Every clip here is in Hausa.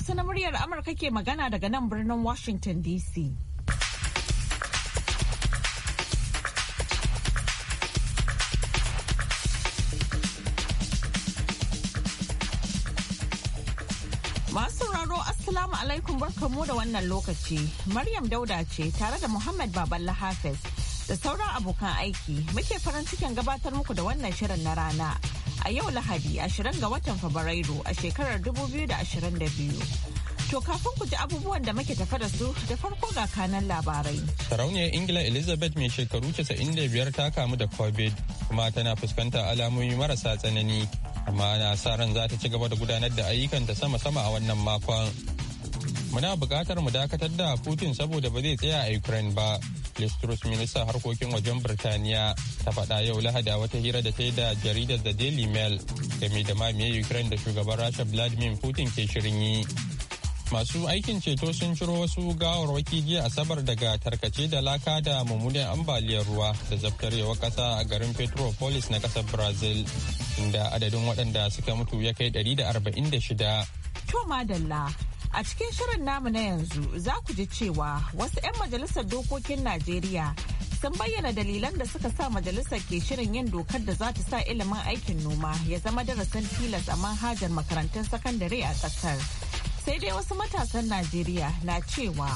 Hausa na muryar Amurka ke magana daga nan birnin Washington DC. Masu sauraro Assalamu alaikum barkamu da wannan lokaci. Maryam Dauda ce tare da Muhammad Baballa Hafiz da sauran abokan aiki muke farin cikin gabatar muku da wannan shirin na rana. a yau Lahadi 20 ga watan Fabrairu a shekarar 2022. To kafin ku ji abubuwan da muke tafa da su da farko ga kanan labarai. Sarauniyar Ingila Elizabeth mai shekaru 95 ta kamu da COVID kuma tana fuskanta alamomi marasa tsanani amma na sa ran za ta ci gaba da gudanar da ayyukan ta sama-sama a wannan makon. Muna bukatar mu dakatar da Putin saboda ba zai tsaya a Ukraine ba Liz Truss ministan harkokin wajen Birtaniya ta faɗa yau Lahada wata hira da ta yi da jaridar The Daily Mail game da mamaye Ukraine da shugaban Rasha Vladimir Putin ke shirin yi. Masu aikin ceto sun ciro wasu gawarwaki jiya Asabar daga tarkace da laka da mummunan ambaliyar ruwa da zaftarewar kasa a garin Petropolis na ƙasar Brazil, inda adadin waɗanda suka mutu ya kai 146. To madalla A cikin shirin namu na yanzu za ku ji cewa wasu 'yan majalisar dokokin Najeriya sun bayyana dalilan da suka sa majalisar ke shirin yin dokar da za ta sa ilimin aikin noma ya zama darasin tilas a manhajar makarantun sakandare a ƙasar. Sai dai wasu matasan Najeriya na cewa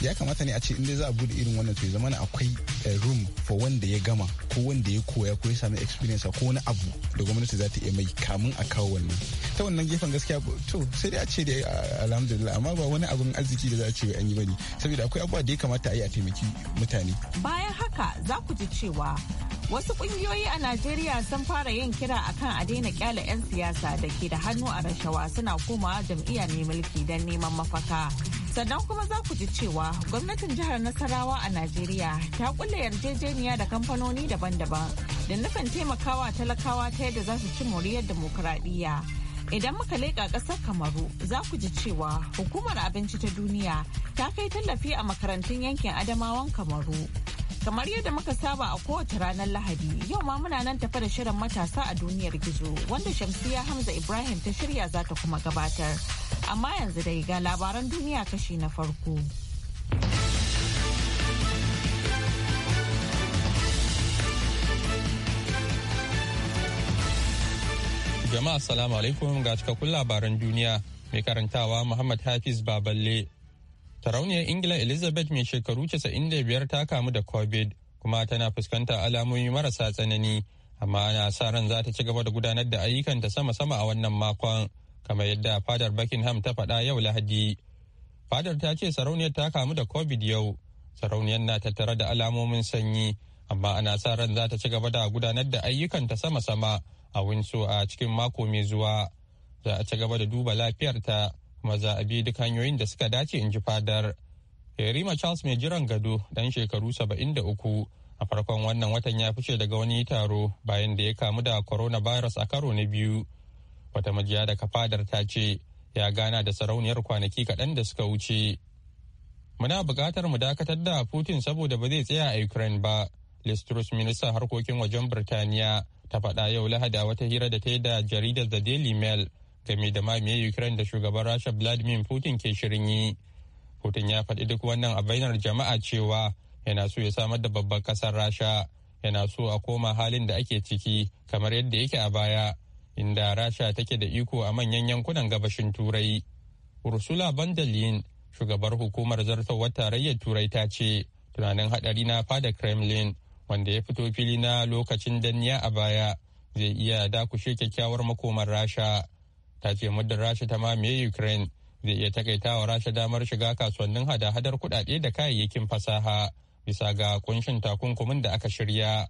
ya kamata ne a ce inda za a bude irin wannan to ya zama akwai eh, room for wanda ya gama ko wanda ya koya ko ya sami experience ko wani abu da gwamnati za ta iya mai kamun a kawo wannan ta wannan gefen gaskiya to sai dai a ce dai ah, alhamdulillah amma ba wani abun arziki da za a ce an yi bane saboda akwai abubuwa da ya kamata a yi a taimaki mutane bayan haka za ku ji cewa Wasu kungiyoyi a Najeriya sun fara yin kira akan a daina kyale 'yan siyasa da ke da hannu a rashawa suna komawa jam'iyya mai mulki don neman mafaka. Sannan kuma za ku ji cewa gwamnatin jihar Nasarawa a Najeriya ta kulle yarjejeniya da kamfanoni daban-daban da nufin taimakawa talakawa ta yadda za su ci moriyar demokuraɗiyya. Idan muka leƙa ƙasar Kamaru za ku ji cewa hukumar abinci ta duniya ta kai tallafi a makarantun yankin Adamawan Kamaru. Kamar yadda muka saba a kowace ranar Lahadi, yau ma muna nan tafa da shirin matasa a duniyar gizo wanda Shamsiya Hamza Ibrahim ta shirya za ta kuma gabatar. Amma yanzu dai ga labaran duniya kashi na farko. Jama'a salamu alaikum ga cikakkun labaran duniya mai karantawa Muhammad Hafiz Baballe. Sarauniyar Ingila Elizabeth mai shekaru 95 ta kamu da COVID kuma tana fuskanta alamomi marasa tsanani amma ana sa ran za ta ci gaba da gudanar da ayyukanta sama-sama a wannan makon kamar yadda fadar Buckingham ta faɗa yau Lahadi. Fadar ta ce sarauniyar ta kamu da COVID yau. Sarauniyar na tattare da alamomin sanyi amma ana sa ran za ta ci gaba da gudanar da ayyukanta sama-sama a Windsor a cikin mako mai zuwa. Za a ci gaba da duba lafiyarta. ta maza za a bi duk hanyoyin da suka dace in ji fadar Yarima Charles mai jiran gado dan shekaru 73 a farkon wannan watan ya fice daga wani taro bayan da ya kamu da coronavirus a karo na biyu. Wata majiya daga fadar ta ce ya gana da sarauniyar kwanaki kaɗan da suka wuce. Muna buƙatar mu dakatar da Putin saboda ba zai tsaya a Ukraine ba. Listrus ministan harkokin wajen Birtaniya ta faɗa yau Lahada wata hira da ta yi da jaridar The Daily Mail game da mamaye Ukraine da shugaban Rasha Vladimir Putin ke shirin yi. Putin ya faɗi duk wannan a bainar jama'a cewa yana so ya samar da babban ƙasar Rasha, yana so a koma halin da ake ciki kamar yadda yake a baya, inda Rasha take da iko a manyan yankunan gabashin Turai. Ursula von der Leyen, shugabar hukumar zartowar tarayyar Turai ta ce, tunanin haɗari na fada Kremlin, wanda ya fito fili na lokacin danniya a baya, zai iya dakushe kyakkyawar makomar Rasha. ta ce muddin rasha ta mamaye ukraine zai iya takaitawa rasha damar shiga kasuwannin hada-hadar kudade da kayayyakin fasaha bisa ga kunshin takunkumin da aka shirya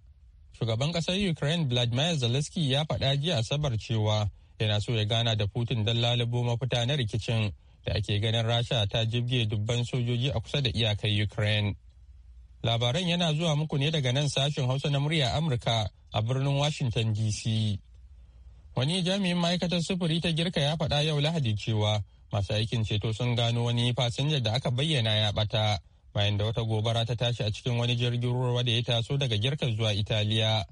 shugaban kasar ukraine vladimir zelensky ya faɗa jiya asabar cewa yana so ya gana da putin don lalubo mafita na rikicin da ake ganin rasha ta jibge dubban sojoji a kusa da iyakar ukraine labaran yana zuwa muku ne daga nan sashen hausa na murya amurka a birnin washington dc Wani jami'in ma'aikatar sufuri ta girka ya faɗa yau Lahadi cewa masu aikin ceto sun gano wani fasinja da aka bayyana ya ɓata bayan da wata gobara ta tashi a cikin wani jirgin ruwa da ya taso daga girka zuwa Italiya.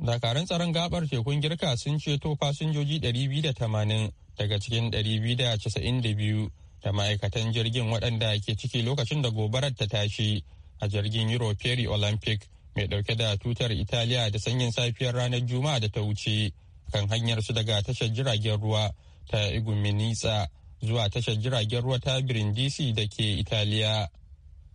Dakarun tsaron gabar tekun girka sun ceto fasinjoji 280 daga cikin 292 da ma'aikatan jirgin waɗanda ke ciki lokacin da gobarar ta tashi a jirgin Euro Olympic mai ɗauke da tutar Italiya da sanyin safiyar ranar Juma'a da ta wuce. kan hanyar su daga tashar jiragen ruwa ta iguminitsa zuwa tashar jiragen ruwa ta birindisi da ke italiya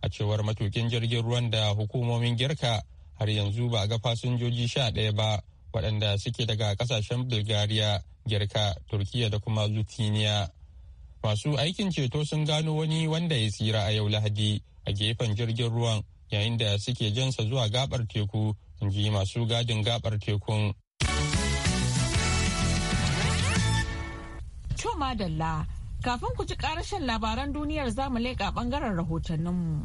a cewar matukin jirgin ruwan da hukumomin girka har yanzu ba ga fasinjoji sha ɗaya ba waɗanda suke daga ƙasashen bulgaria girka turkiya da kuma lutiniya masu aikin ceto sun gano wani wanda ya tsira a yau lahadi a gefen jirgin ruwan yayin da suke jansa zuwa gabar teku in ji masu gadin gabar tekun To madalla, kafin ku ji karashen labaran duniyar zamu leƙa ɓangaren rahotanninmu.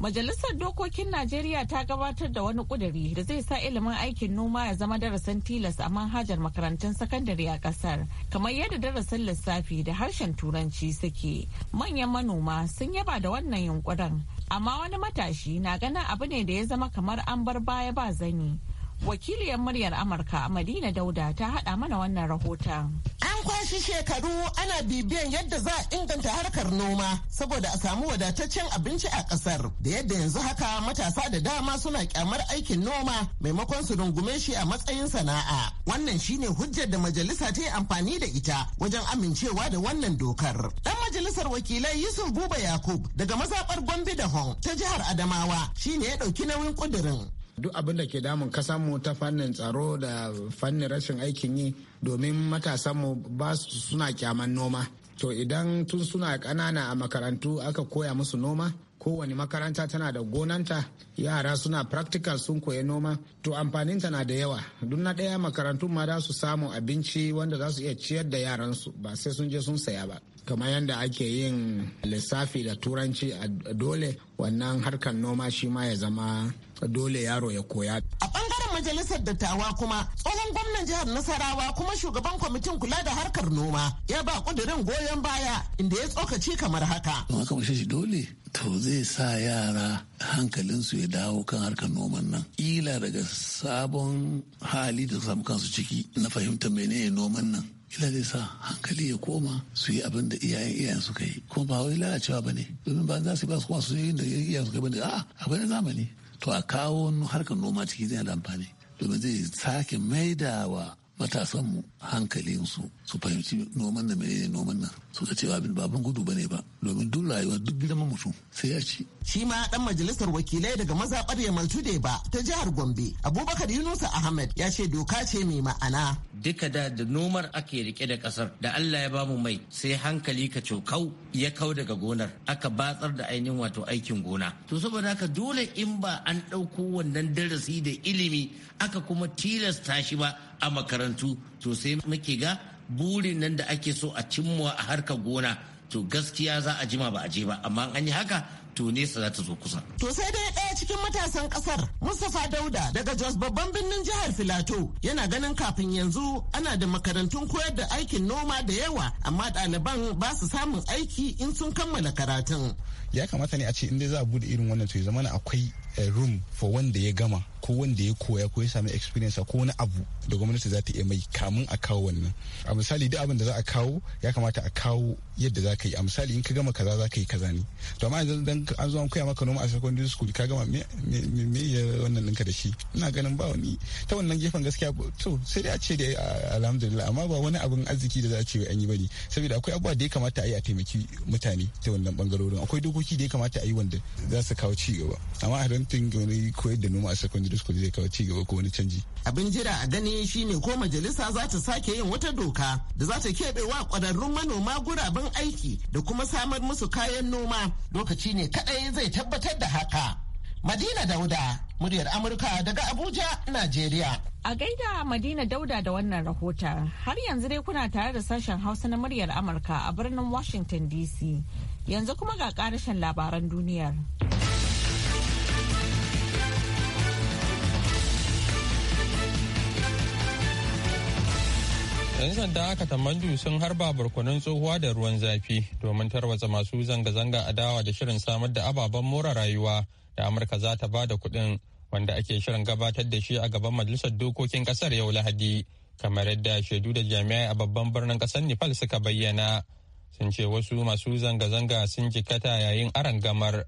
Majalisar Dokokin Najeriya ta gabatar da wani ƙuduri da zai sa ilimin aikin noma ya zama darasin tilas a manhajar makarantun sakandare a ƙasar, kamar yadda darasin lissafi da harshen Turanci suke. Manyan manoma sun yaba da wannan yunkurin, amma wani matashi na ganin abu ne da ya zama kamar an bar baya ba zani. wakiliyar muryar amurka madina dauda ta hada mana wannan rahoton an kwashe shekaru ana bibiyan yadda za a inganta harkar noma saboda a samu wadataccen abinci a kasar da yadda yanzu haka matasa da dama suna kyamar aikin noma maimakon su rungume shi a matsayin sana'a wannan shine hujjar da majalisa ta yi amfani da ita wajen amincewa da wannan dokar dan majalisar wakilai yusuf buba yakub daga mazabar gombe da hon ta jihar adamawa shine ya dauki nauyin kudirin duk abin da ke damun kasanmu ta fannin tsaro da fannin rashin aikin yi domin matasanmu ba suna kyaman noma to idan tun suna ƙanana a makarantu aka koya musu noma kowane makaranta tana da gonanta yara suna practical sun koya noma to amfaninta na da yawa duk na ɗaya makarantun ma za su samu abinci wanda za su iya ciyar da yaransu ba sai sun je sun saya ba kamar yadda ake yin lissafi da turanci a dole wannan harkar noma shi ma ya zama dole yaro ya koya. A bangaren majalisar dattawa kuma tsohon gwamnan jihar Nasarawa kuma shugaban kwamitin kula da harkar noma ya ba kudirin goyon baya inda ya tsokaci kamar haka. Kuma kamar shi dole to zai sa yara hankalinsu ya dawo kan harkar noman nan. Ila daga sabon hali da samu kansu ciki na fahimta menene noman nan. ila zai sa hankali ya koma su yi abin da iyayen iyayen suka yi kuma ba wai lalacewa ba ne domin ba za su ba su kuma su yi da iyayen suka yi ba ne a'a akwai na zamani to a kawo harkar noma ciki zai da amfani domin zai sake wa matasanmu hankalinsu su fahimci noman nan ne noman nan su ga cewa abin baban gudu bane ba domin duk rayuwa duk girman mutum sai ya ci. shi ma dan majalisar wakilai daga mazaɓar yamal da ba ta jihar gombe abubakar yunusa ahmed ya ce doka ce mai ma'ana. duka da da nomar ake rike da kasar da allah ya bamu mai sai hankali ka cokau ya kau daga gonar aka batsar da ainihin wato aikin gona to saboda haka dole in ba an ɗauko wannan darasi da ilimi aka kuma tilasta shi ba a makarantu to sai muke ga burin nan da ake so a cimma a harkar gona to gaskiya za a jima ba a je ba amma an yi haka to nesa za ta zo kusa. To sai dai ɗaya cikin matasan ƙasar Mustapha Dauda daga Jos babban birnin jihar Filato yana ganin kafin yanzu ana da makarantun koyar da aikin noma da yawa amma ɗaliban ba su samun aiki in sun kammala karatun. Ya kamata ne a ce in dai za a bude irin wannan to ya zamana akwai room for wanda ya gama ko wanda ya koya ko ya sami experience ko wani abu da gwamnati za ta iya mai kamun a kawo wannan a misali duk abin da za a kawo ya kamata a kawo yadda za ka yi a misali in ka gama kaza za ka yi kaza ne to amma an zo an koya maka noma a secondary school ka gama me me ya wannan ɗinka da shi ina ganin ba wani ta wannan gefen gaskiya to sai dai a ce dai alhamdulillah amma ba wani abin arziki da za a ce an yi bane saboda akwai abubuwa da ya kamata a yi a taimaki mutane ta wannan bangarorin akwai dokoki da ya kamata a yi wanda za su kawo ci gaba amma a think wani koyar da noma a secondary school zai kawo cigaba ko wani canji. Abin jira a gani shine ko majalisa za ta sake yin wata doka da za ta keɓe wa ƙwararrun manoma guraben aiki da kuma samar musu kayan noma lokaci ne kaɗai zai tabbatar da haka. Madina Dauda, muryar Amurka daga Abuja, Najeriya. A gaida Madina Dauda da wannan rahoton, har yanzu dai kuna tare da sashen Hausa na muryar Amurka a birnin Washington DC. Yanzu kuma ga ƙarashin labaran duniyar. 'Yan sanda aka tamandu sun harba barkonon tsohuwa da ruwan zafi domin tarwatsa masu zanga-zanga adawa da shirin samar da ababen mora rayuwa da Amurka za ta ba da kuɗin wanda ake shirin gabatar da shi a gaban Majalisar Dokokin kasar yau Lahadi. Kamar yadda shaidu da jami'ai a babban birnin kasar Nepal suka bayyana sun ce wasu masu zanga-zanga sun jikata yayin gamar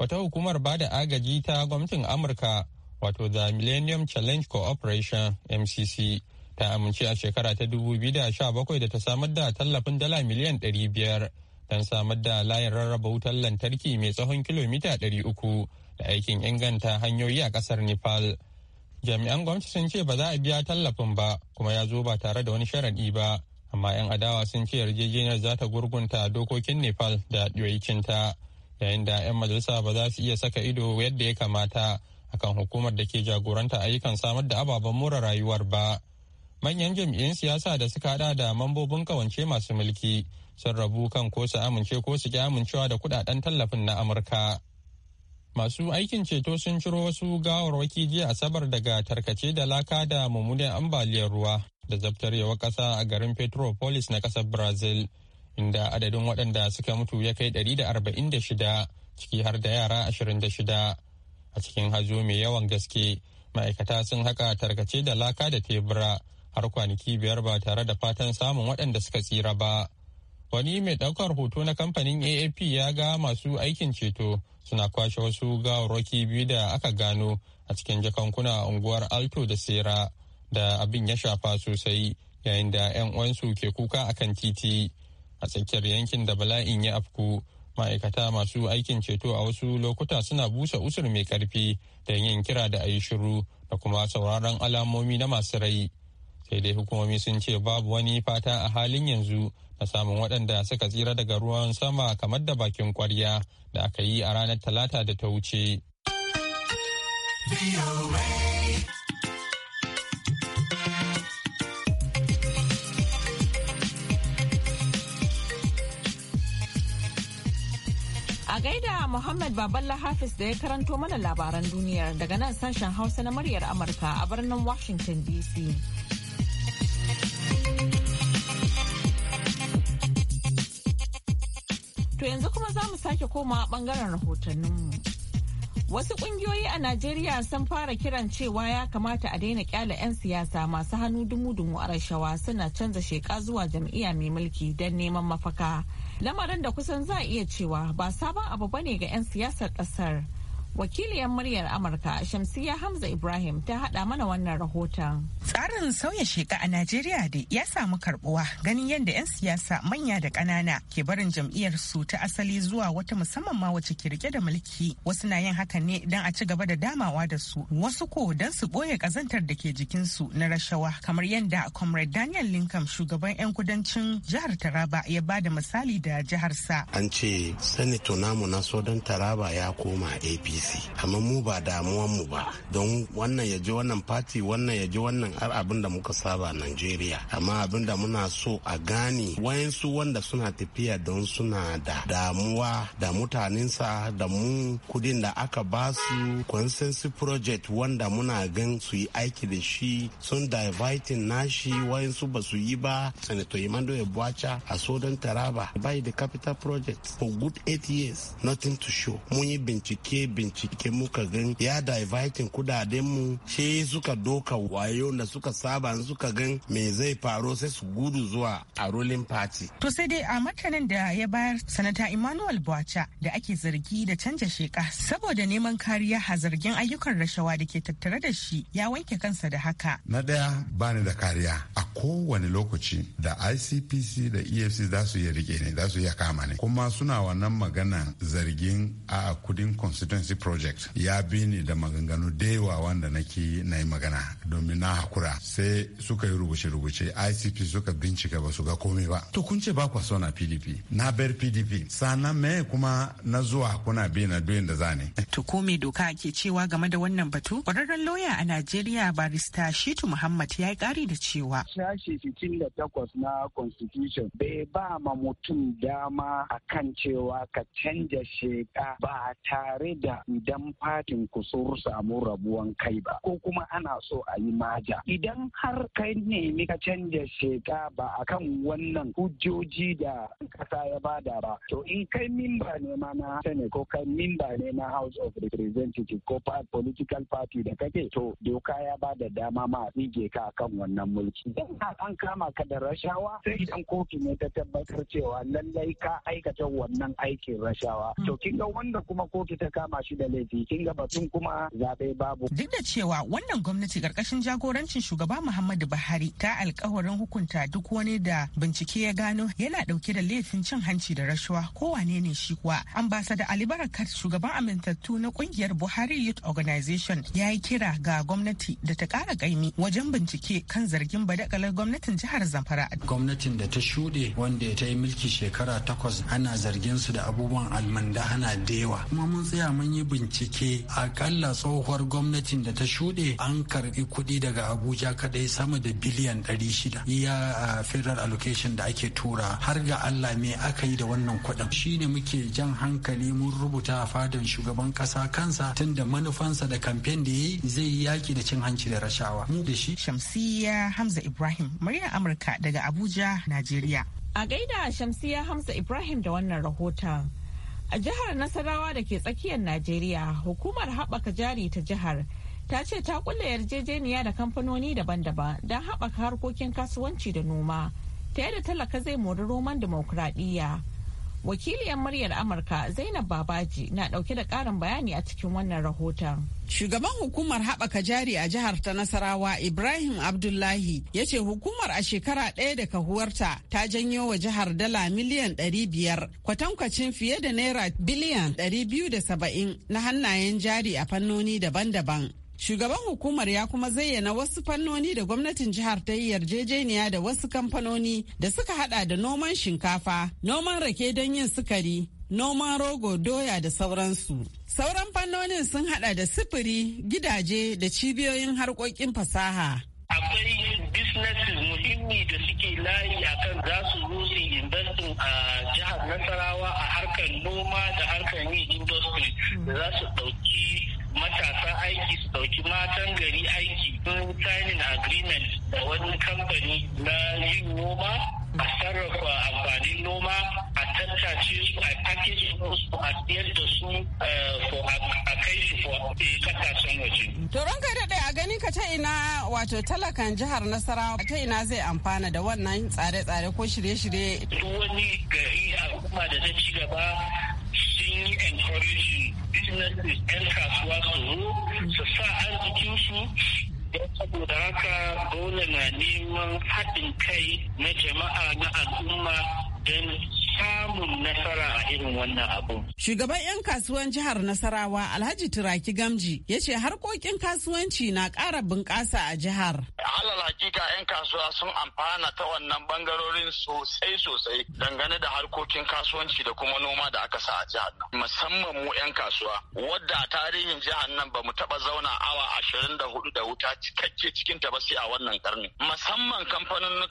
Wata hukumar ba da agaji ta gwamnatin Amurka wato The Millennium Challenge cooperation MCC ta amince a shekara ta 2017 da ta samar da tallafin dala miliyan 500 don samar da layin rarraba wutar lantarki mai tsawon kilomita 300 da aikin inganta hanyoyi a kasar nepal jami'an gwamnati sun ce ba za a biya tallafin ba kuma ya zo ba tare da wani sharaɗi ba amma 'yan adawa sun ce yarjejeniyar za ta gurgunta dokokin nepal da ta yayin da 'yan majalisa ba za su iya saka ido yadda ya kamata akan hukumar da ke jagoranta ayyukan samar da ababen more rayuwar ba. manyan jam'iyyun siyasa da suka hada da mambobin kawance masu mulki sun rabu kan ko su amince ko su ki amincewa da kudaden tallafin na amurka masu aikin ceto sun ciro wasu gawarwaki jiya asabar daga tarkace da laka da mummunan ambaliyar ruwa da zabtarewar kasa a garin petropolis na kasar brazil inda adadin waɗanda suka mutu ya kai ɗari da shida ciki har da yara shida a cikin hazo mai yawan gaske ma'aikata sun haka tarkace da laka da tebura har kwanaki biyar ba tare da fatan samun waɗanda suka tsira ba. Wani mai ɗaukar hoto na kamfanin AAP ya ga masu aikin ceto suna kwashe wasu gawarwaki biyu da aka gano a cikin jakankuna a unguwar Alto da Sera da abin ya shafa sosai yayin da 'yan uwansu ke kuka a kan titi a tsakiyar yankin da bala'in ya afku. ma'aikata masu aikin ceto a wasu lokuta suna busa usur mai karfi da yin kira da a yi shiru da kuma sauraron alamomi na masu rai sai dai hukumomi sun ce babu wani fata a halin yanzu na samun waɗanda suka tsira daga ruwan sama kamar da bakin kwarya da aka yi a ranar talata da ta wuce. A gaida Muhammad Baballa Hafiz da ya karanto mana labaran duniyar daga nan sashen Hausa na muryar Amurka a birnin Washington DC. To yanzu kuma za mu sake koma bangaren rahotanninmu. Wasu kungiyoyi a Najeriya sun fara kiran cewa ya kamata a daina kyala 'yan siyasa masu hannu dumu-dumu a rashawa suna canza sheka zuwa jam'iyya mai mulki don neman mafaka. Lamarin da kusan za a iya cewa ba sabon abu bane ga 'yan siyasar ƙasar. Wakiliyar muryar Amurka shamsiya Hamza Ibrahim ta haɗa mana wannan rahoton. Tsarin sauya sheka a Najeriya da ya samu karbuwa ganin yadda 'yan siyasa manya da ƙanana ke barin jam'iyyar su ta asali zuwa wata musamman ma wacce ke rike da mulki. Wasu na yin haka ne don a ci gaba da damawa da su, wasu ko don su boye ƙazantar da ke jikinsu na rashawa kamar yadda Comrade Daniel Lincoln shugaban 'yan kudancin jihar Taraba ya ba da misali da jiharsa. An ce sanito namu na Sodan Taraba ya koma APC. apc amma mu ba damuwan mu ba don wannan ya ji wannan party wannan ya ji wannan har abin da muka saba najeriya amma abin da muna so a gane wayansu wanda suna tafiya don suna da damuwa da mutanensa da mu kudin da aka ba su consensus project wanda muna gan su yi aiki da shi sun diverting nashi wayansu ba su yi ba senator imando ebuacha a sodan taraba by the capital project for good eight years nothing to show mun yi bincike bincike cike muka gan ya divertin kudaden mu she suka doka wayo da suka saba suka gan me zai faru sai su gudu zuwa a ruling party to sai dai a martanin da ya bayar sanata emmanuel bwacha da ake zargi da canja sheka saboda neman kariya a zargin ayyukan rashawa da ke tattare da shi ya wanke kansa da haka na daya bani da kariya a kowane lokaci da icpc da efc za su iya rike ne za su iya kama ne kuma suna wannan maganan zargin a kudin constituency project ya bi ni da maganganu da yawa wanda nake na yi magana domin na hakura sai suka yi rubuce-rubuce icp suka bincika ba su ga komai ba to kun ce ba kwa so na pdp na bar pdp sannan me kuma na zuwa kuna bi na doyin da zane to ko me doka ke cewa game da wannan batu kwararren lauya a najeriya barista shitu muhammad ya yi kari da cewa sashi sittin da takwas na constitution bai ba ma mutum dama akan cewa ka canja sheka ba tare da idan fatin ku sun samu rabuwan kai ba ko kuma ana so a yi maja idan har kai nemi ka canja sheka ba a kan wannan hujjoji da kasa ya bada ba to in kai mimba ne ma na sani ko kai mimba ne na house of representative ko political party da kake to doka ya bada dama ma tsige ka kan wannan mulki idan an kama ka da rashawa sai idan kotu ne ta tabbatar cewa lallai ka aikata wannan aikin rashawa to kin wanda kuma kotu ta kama shi shi da laifi kin ga batun kuma zaɓe babu. Duk da cewa wannan gwamnati karkashin jagorancin shugaba Muhammadu Buhari ta alkawarin hukunta duk wani da bincike ya gano yana ɗauke da laifin cin hanci da rashawa ko wane ne shi kuwa. da Ali Barakat shugaban amintattu na kungiyar Buhari Youth Organization ya yi kira ga gwamnati da ta kara ƙaimi wajen bincike kan zargin badakalar gwamnatin jihar Zamfara. Gwamnatin da ta shuɗe wanda ta yi mulki shekara takwas ana zargin su da abubuwan ana da yawa. Kuma mun tsaya mun yi bincike akalla tsohuwar gwamnatin da ta shuɗe an karɓi kuɗi daga abuja kaɗai sama da biliyan 600 iya federal allocation da ake tura har ga allah me aka yi da wannan kuɗin shine muke jan hankali mun rubuta a fadan shugaban ƙasa kansa tun da manufansa da kamfen da ya yi zai yaki da cin hanci da rashawa mu da shi shamsiya hamza ibrahim murya amurka daga abuja najeriya a gaida shamsiya hamza ibrahim da wannan rahoton A jihar Nasarawa da ke tsakiyar Najeriya, hukumar haɓaka jari ta jihar ta ce ta kulle yarjejeniya da kamfanoni daban-daban don haɓaka harkokin kasuwanci da noma ta da talaka zai mori roman dimokuraɗiyya. wakiliyar muryar amurka zainab babaji na dauke da karin bayani a cikin wannan rahoton shugaban hukumar haɓaka jari a jihar ta nasarawa ibrahim abdullahi ya ce hukumar a shekara ɗaya da kahuwarta ta janyo wa jihar dala miliyan 500 kwatankwacin fiye da naira biliyan 270 na hannayen jari a fannoni daban-daban Shugaban hukumar ya kuma zayyana wasu fannoni da gwamnatin jihar ta yi yarjejeniya da wasu kamfanoni da suka hada da noman shinkafa, noman rake don yin sukari, noman rogo, doya da sauransu. Sauran fannonin sun hada da sifiri, gidaje da cibiyoyin harkokin fasaha. Akwai businesses muhimmi da suke layi akan za su rufe investin a jihar Nasarawa a harkar noma da harkar yin industry da za su ɗauki matasa aiki su dauki matan gari aiki sun signing agreement da wani kamfani na yin noma a sarrafa amfanin noma a tattace su a package su a siyar da su eh, a kai su eh, kasashen waje. To ranka daɗe a gani ka ta ina wato talakan jihar Nasarawa ta ina zai amfana da wannan tsare-tsare ko shirye-shirye. Duk wani gari al'umma da ta ci gaba sun yi encouraging businesses 'yan kasuwa su su sa arzikinsu don saboda haka dole na neman haɗin kai na jama'a na al'umma don samun nasara a irin wannan abu. Shugaban 'yan kasuwan jihar Nasarawa Alhaji Turaki Gamji ya ce harkokin kasuwanci na ƙara bunƙasa a jihar. Halal hakika 'yan kasuwa sun amfana ta wannan bangarorin sosai sosai dangane da harkokin kasuwanci da kuma noma da aka sa a jihar nan. Musamman mu 'yan kasuwa wadda a tarihin jihar nan ba mu taɓa zauna awa ashirin da hudu da wuta cikakke cikin ta ba sai a wannan karni. Musamman kamfanin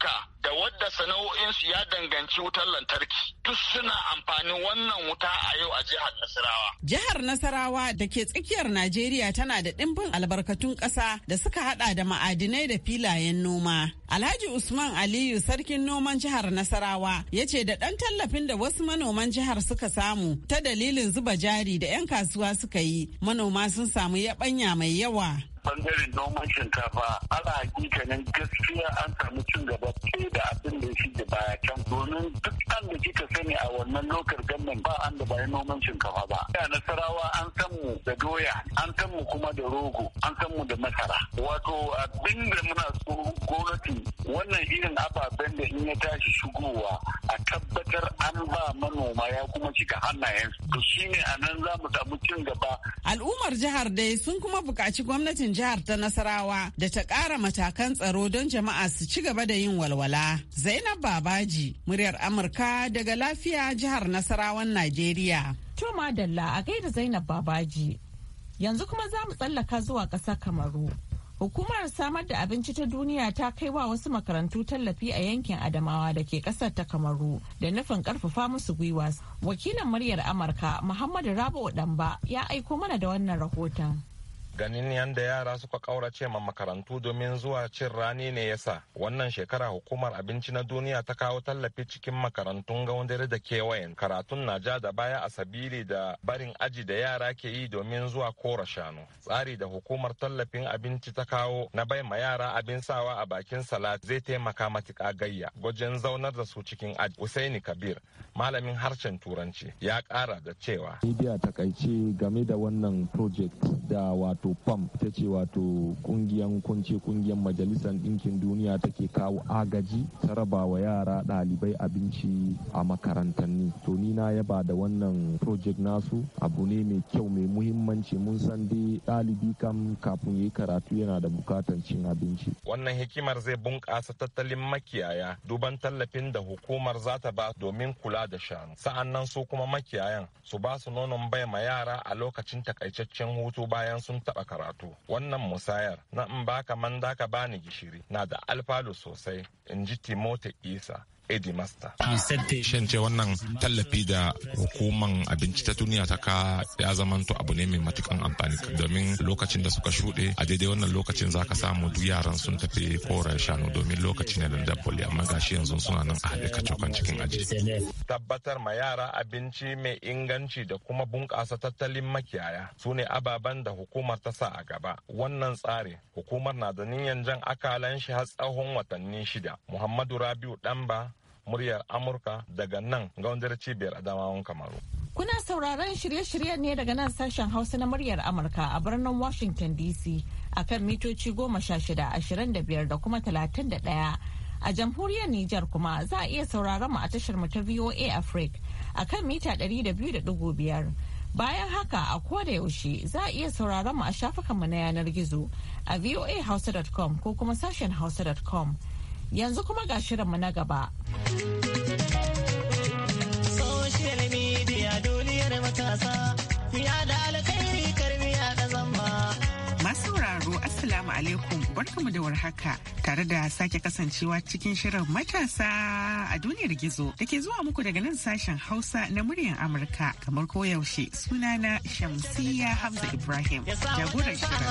da wadda sana'o'insu ya danganci wutar lantarki duk suna amfanin wannan wuta a yau a jihar Nasarawa. Jihar Nasarawa da ke tsakiyar Najeriya tana da ɗimbin albarkatun ƙasa da suka haɗa da ma'adinai da filayen noma. Alhaji Usman Aliyu sarkin noman jihar Nasarawa ya ce da ɗan tallafin da wasu manoman jihar suka samu ta dalilin zuba jari da 'yan kasuwa suka yi manoma sun samu yaɓanya mai yawa. bangaren noman shinkafa ala hakikanin gaskiya an samu cin gaba ke da abin da shi da baya can domin duk an da kika sani a wannan lokar gannan ba an da bayan noman shinkafa ba ya nasarawa an san mu da doya an san mu kuma da rogo an san mu da masara wato abin da muna so gwamnati wannan irin ababen da in ya tashi shigowa a tabbatar an ba manoma ya kuma cika hannayen. su shine a nan za mu samu cin gaba al'ummar jihar dai sun kuma buƙaci gwamnatin jihar ta Nasarawa da ta ƙara matakan tsaro don jama'a su ci gaba da yin walwala. Zainab Babaji, muryar Amurka daga lafiya jihar Nasarawan Najeriya. To madalla a gaida Zainab Babaji. Yanzu kuma za mu tsallaka zuwa ƙasar Kamaru. Hukumar samar da abinci ta duniya ta kai wa wasu makarantu tallafi a yankin Adamawa da ke kasar ta Kamaru da nufin karfafa musu gwiwa. Wakilin muryar Amurka Muhammadu Rabu Damba ya aiko mana da wannan rahoton. ganin yadda yara suka kaurace ma makarantu domin zuwa cin rani ne yasa wannan shekara hukumar abinci na duniya ta kawo tallafi cikin makarantun gaundare da kewayen karatun na ja da baya a sabili da barin aji da yara ke yi domin zuwa kora shanu tsari da hukumar tallafin abinci ta kawo na bai ma yara abin sawa a bakin salat zai taimaka matuƙa gayya gwajin zaunar da su cikin aji usaini kabir malamin harshen turanci ya kara da cewa media takaice game da wannan project da wato wato pam ta ce wato kungiyan kunce kungiyan majalisar ɗinkin duniya take kawo agaji ta raba wa yara ɗalibai abinci a makarantanni to ni na yaba da wannan project nasu abu ne mai kyau mai muhimmanci mun san dai ɗalibi kam kafin yi karatu yana da bukatan cin abinci wannan hikimar zai bunƙasa tattalin makiyaya duban tallafin da hukumar za ta ba domin kula da shanu sa'annan su kuma makiyayan su ba su nonon bai ma yara a lokacin takaitaccen hutu bayan sun ta taba karatu wannan musayar na in baka man ka bani gishiri na da alfalu sosai in ji timoti isa Edimasta. Shin ce wannan tallafi da hukuman abinci ta duniya ta ka ya zamanto abu ne mai matukan amfani domin lokacin da suka shuɗe a daidai wannan lokacin za ka samu duk yaran sun tafi koren shanu domin lokaci ne da dabbobi amma gashi yanzu suna nan a haɗe kacokan cikin aji. Tabbatar ma yara abinci mai inganci da kuma bunƙasa tattalin makiyaya su ne ababen da hukumar ta sa a gaba. Wannan tsari hukumar na da niyan jan akalan shi har tsawon watanni shida. Muhammadu Rabiu Ɗanba muryar Amurka daga nan gaundar cibiyar Adamawan Kamaru. Kuna sauraron shirye-shiryen ne daga nan sashen Hausa na muryar Amurka a birnin Washington DC a kan mitoci goma sha shida ashirin da biyar da kuma talatin da ɗaya. A jamhuriyar Nijar kuma za a iya sauraron mu a tashar mu ta VOA Africa a kan mita ɗari da biyu da ɗigo biyar. Bayan haka a koda yaushe za a iya sauraron mu a shafukanmu na yanar gizo a voahausa.com ko kuma sashen hausa.com. Yanzu kuma ga shirin mu na gaba. Social midiya duniyar matasa, da zamba. Masu Assalamu alaikum barkamu da warhaka tare da sake kasancewa cikin shirin matasa a duniyar gizo da ke zuwa muku daga nan sashen Hausa na muryar Amurka kamar koyaushe sunana Shamsiyya Hamza Ibrahim jagorar shirin.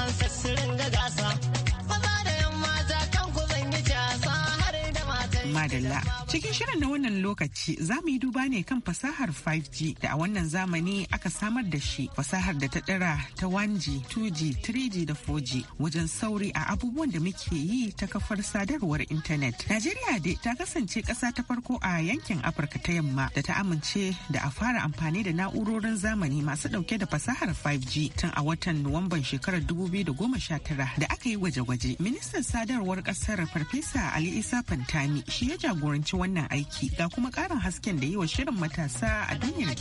madalla. Cikin shirin na wannan lokaci za mu yi duba ne kan fasahar 5G da a wannan zamani aka samar da shi fasahar da ta ɗara ta 1G, 2G, 3G da 4G wajen sauri a abubuwan da muke yi ta kafar sadarwar intanet. Najeriya dai ta kasance ƙasa ta farko a yankin Afirka ta yamma da ta amince da a fara amfani da na'urorin zamani masu ɗauke da fasahar 5G tun a watan Nuwamban shekarar 2019 da aka yi gwaje-gwaje. Ministan sadarwar ƙasar Farfesa Ali Isa Fantami shi ya jagoranci wannan aiki ga kuma karin hasken da yi wa shirin matasa a duniyar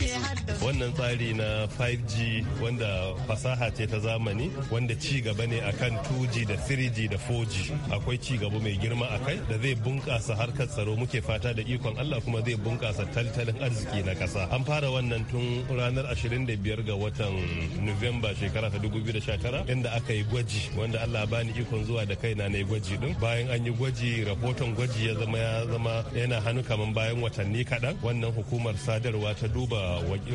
Wannan tsari na 5G wanda fasaha ce ta zamani wanda ci gaba ne akan 2G da 3G da 4G akwai ci gaba mai girma a kai da zai bunkasa harkar tsaro muke fata da ikon Allah kuma zai bunkasa tattalin arziki na kasa. An fara wannan tun ranar 25 ga watan Nuwamba shekara ta 2019 inda aka yi gwaji wanda Allah bani ikon zuwa da kaina na yi gwaji din bayan an yi gwaji rahoton gwaji ya zama ya zama yana hannu kamar bayan watanni kaɗan wannan hukumar sadarwa ta duba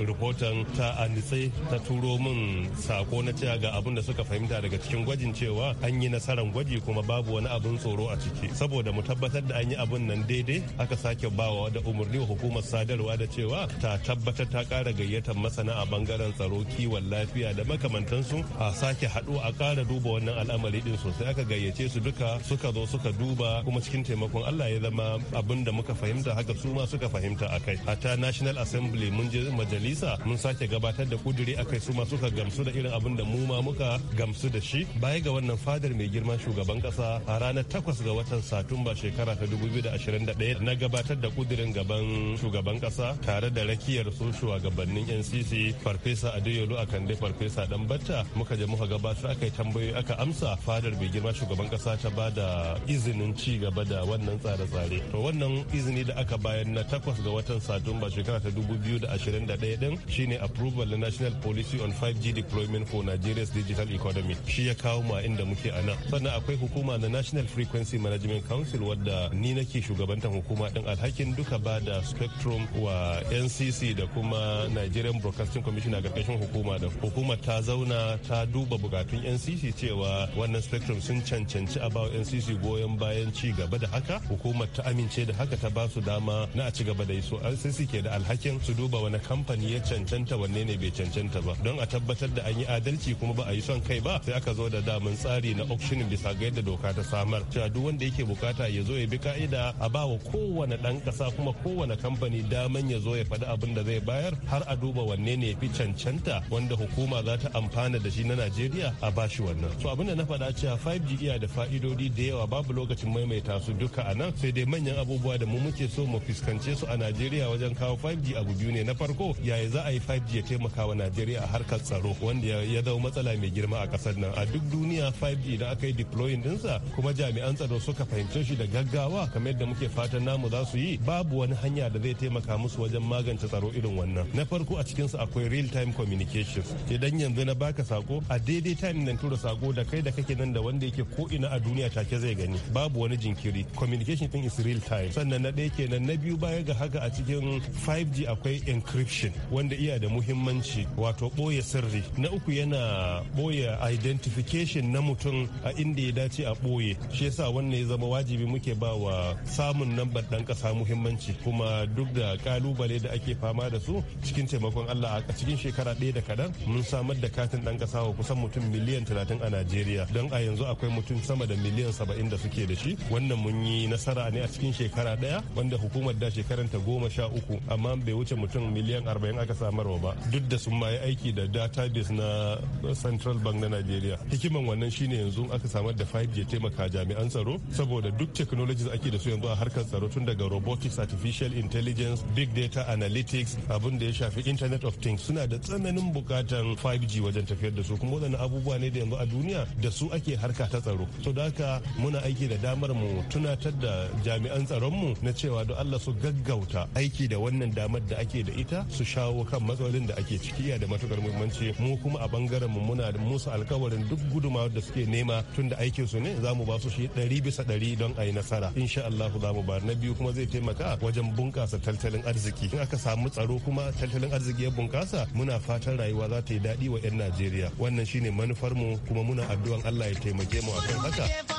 rahoton ta a nitse ta turo min sako na cewa ga abin da suka fahimta daga cikin gwajin cewa an yi nasarar gwaji kuma babu wani abin tsoro a ciki saboda mu tabbatar da an yi abin nan daidai aka sake bawa da umarni wa hukumar sadarwa da cewa ta tabbatar ta kara gayyatar masana a bangaren tsaro kiwon lafiya da makamantansu a sake haɗu a kara duba wannan al'amari din sosai aka gayyace su duka suka zo suka duba kuma cikin taimakon Allah ya zama abin da muka fahimta haka su ma suka fahimta a kai ta national assembly mun je majalisa mun sake gabatar da kuduri a kai su ma suka gamsu da irin abin da mu ma muka gamsu da shi baya ga wannan fadar mai girma shugaban kasa a ranar takwas ga watan satumba shekara ta 2021 na gabatar da kudirin gaban shugaban kasa tare da rakiyar su shugabannin ncc farfesa a kande farfesa dan batta muka je muka gabatar aka yi tambayoyi aka amsa fadar mai girma shugaban kasa ta ba da izinin ci gaba da wannan tsare-tsare to wannan izini da aka bayar na takwas ga watan satumba shekara ta dubu biyu da da ashirin 2021 din shine approval na national policy on 5g deployment for nigeria's digital economy shi ya kawo ma inda muke a nan sannan akwai hukuma na national frequency management council wadda ni nake shugabantar hukuma din alhakin duka ba da spectrum wa ncc da kuma nigerian broadcasting commission a ƙarƙashin hukuma da hukuma ta zauna ta duba bukatun ncc cewa wannan spectrum sun cancanci a bawa ncc goyon bayan ci gaba da haka hukumar ta amince da haka ta ba su dama na a ci gaba da iso an sai suke da alhakin su duba wani kamfani ya cancanta wanne ne bai cancanta ba don a tabbatar da an yi adalci kuma ba a yi son kai ba sai aka zo da damun tsari na auction bisa ga yadda doka ta samar cewa duk wanda yake bukata ya zo ya bi ka'ida a ba wa kowane dan kasa kuma kowane kamfani daman ya zo ya faɗi abin da zai bayar har a duba wanne ne fi cancanta wanda hukuma za ta amfana da shi na Najeriya a bashi wannan so abin da na faɗa cewa 5G iya da fa'idodi da yawa babu lokacin maimaita su duka a nan sai dai manyan abubuwa da mu muke so mu fuskance su a Najeriya wajen kawo 5G abu biyu ne na farko yaya za a yi 5G ya taimaka wa Najeriya a harkar tsaro wanda ya zama matsala mai girma a kasar nan a duk duniya 5G da aka yi deploying dinsa kuma jami'an tsaro suka fahimce shi da gaggawa kamar yadda muke fatan namu za su yi babu wani hanya da zai taimaka musu wajen magance tsaro irin wannan na farko a cikin su akwai real time communications idan yanzu na baka sako a daidai time nan tura sako da kai da kake nan da wanda yake ko ina a duniya take zai gani babu wani jinkiri communication din is real time sannan na ɗaya kenan na biyu baya ga haka a cikin 5G akwai encryption wanda iya da muhimmanci wato ɓoye sirri na uku yana ɓoye identification na mutum a inda ya dace a ɓoye shi yasa wannan ya zama wajibi muke ba wa samun nambar ɗan ƙasa muhimmanci kuma duk da ƙalubale da ake fama da su cikin taimakon Allah a cikin shekara ɗaya da kaɗan mun samar da katin ɗan ƙasa wa kusan mutum miliyan talatin a Najeriya don a yanzu akwai mutum sama da miliyan saba'in da suke da shi wannan mun yi nasara ne a cikin shekara daya wanda hukumar da shekaran ta goma sha uku amma bai wuce mutum miliyan arba'in aka samarwa ba duk da sun ma yi aiki da data base na central bank na nigeria hikiman wannan shine yanzu aka samar da 5g taimaka jami'an tsaro saboda duk technologies ake da su yanzu a harkar tsaro tun daga robotics artificial intelligence big data analytics abun da ya shafi internet of things suna da tsananin bukatan 5g wajen tafiyar da su kuma wadannan abubuwa ne da yanzu a duniya da su ake harka ta tsaro so da haka muna aiki da damar mu tunatar da jami'an tsaronmu na cewa don Allah su gaggauta aiki da wannan damar da ake da ita su shawo kan matsalolin da ake ciki ya da matukar muhimmanci mu kuma a bangaren mu muna da musu alkawarin duk gudumawar da suke nema tunda aikin su ne za mu ba su shi ɗari bisa ɗari don a yi nasara insha Allah za mu ba na biyu kuma zai taimaka wajen bunƙasa tattalin arziki in aka samu tsaro kuma tattalin arziki ya bunƙasa muna fatan rayuwa za ta yi daɗi wa 'yan Najeriya wannan shine manufar mu kuma muna addu'an Allah ya taimake mu akan haka.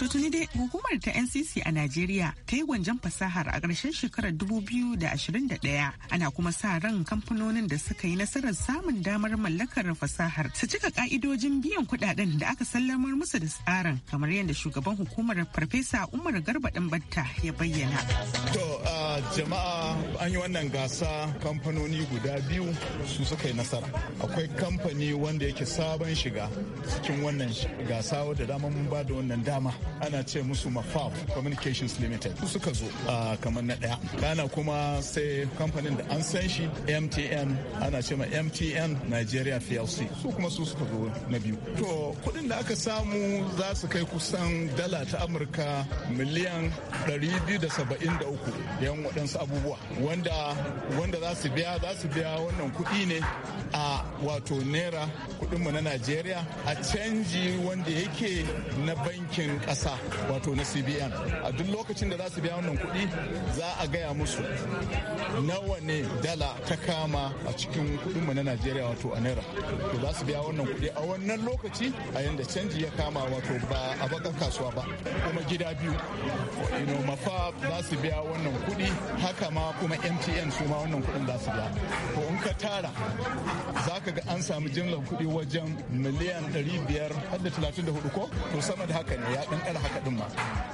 To tuni dai hukumar ta NCC a Najeriya ta yi gwanjan fasahar a ƙarshen shekarar 2021 ana kuma sa ran kamfanonin da suka yi nasarar samun damar mallakar fasahar su cika ka'idojin biyan kuɗaɗen da aka sallamar musu da tsarin kamar yadda shugaban hukumar farfesa Umar Garba Batta ya bayyana. To jama'a an yi wannan gasa kamfanoni guda biyu su suka yi nasara. Akwai kamfani wanda yake sabon shiga cikin wannan gasa wadda dama mun ba da wannan dama ana ce musu mafab communications limited suka zo a kamar na daya kana kuma sai kamfanin da an san shi mtn ana ce ma mtn nigeria plc su kuma su suka zo na biyu to kudin da aka samu za su kai kusan dala ta amurka miliyan 273 yan waɗansu abubuwa wanda wanda za su biya za su biya wannan kuɗi ne a wato naira kudinmu na nigeria a canji wanda yake na bankin ƙasa kasa wato na cbn a duk lokacin da za su biya wannan kuɗi za a gaya musu nawa ne dala ta kama a cikin kuɗinmu na najeriya wato a naira to za su biya wannan kuɗi a wannan lokaci a yanda canji ya kama wato ba a bakar kasuwa ba kuma gida biyu ino mafa za su biya wannan kuɗi haka ma kuma mtn su ma wannan kuɗin za su biya to in ka tara za ka ga an samu jimlar kuɗi wajen miliyan 534 da ko to sama da haka ne ya ɗan haka haka din ma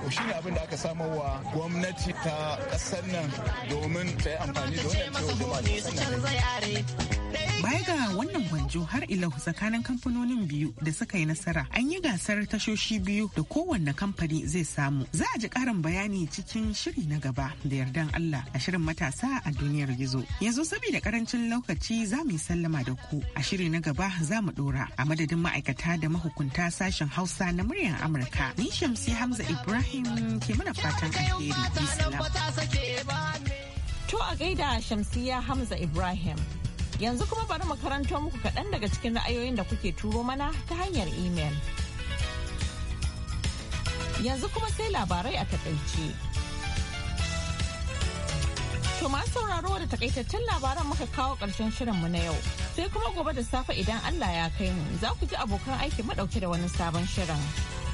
to shine abin da aka samar wa gwamnati ta kasar nan domin ta yi amfani da wannan Baya ga wannan gwanjo har ilau tsakanin kamfanonin biyu da suka yi nasara an yi gasar tashoshi biyu da kowanne kamfani zai samu. Za a ji karin bayani cikin shiri na gaba da yardan Allah a shirin matasa a duniyar gizo. Yanzu saboda karancin lokaci za mu yi sallama da ku a shiri na gaba za mu dora a madadin ma'aikata da mahukunta sashen Hausa na muryar Amurka. Nisha Maryam sai Hamza Ibrahim ke mana fatan alheri. To a gaida Shamsiya Hamza Ibrahim. Yanzu kuma bari mu karanto muku kaɗan daga cikin ra'ayoyin da kuke turo mana ta hanyar imel. Yanzu kuma sai labarai a takaice. To masu sauraro da takaitaccen labaran muka kawo ƙarshen shirin mu na yau. Sai kuma gobe da safe idan Allah ya kai mu za ku ji abokan aiki madauke da wani sabon shirin.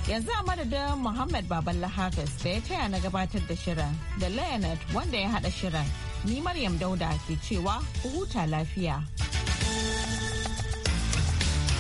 yanzu a madadin muhammad Baban hafiz da ya taya na gabatar da shirin da leonard wanda ya hada shirin ni maryam dauda ke cewa ku huta lafiya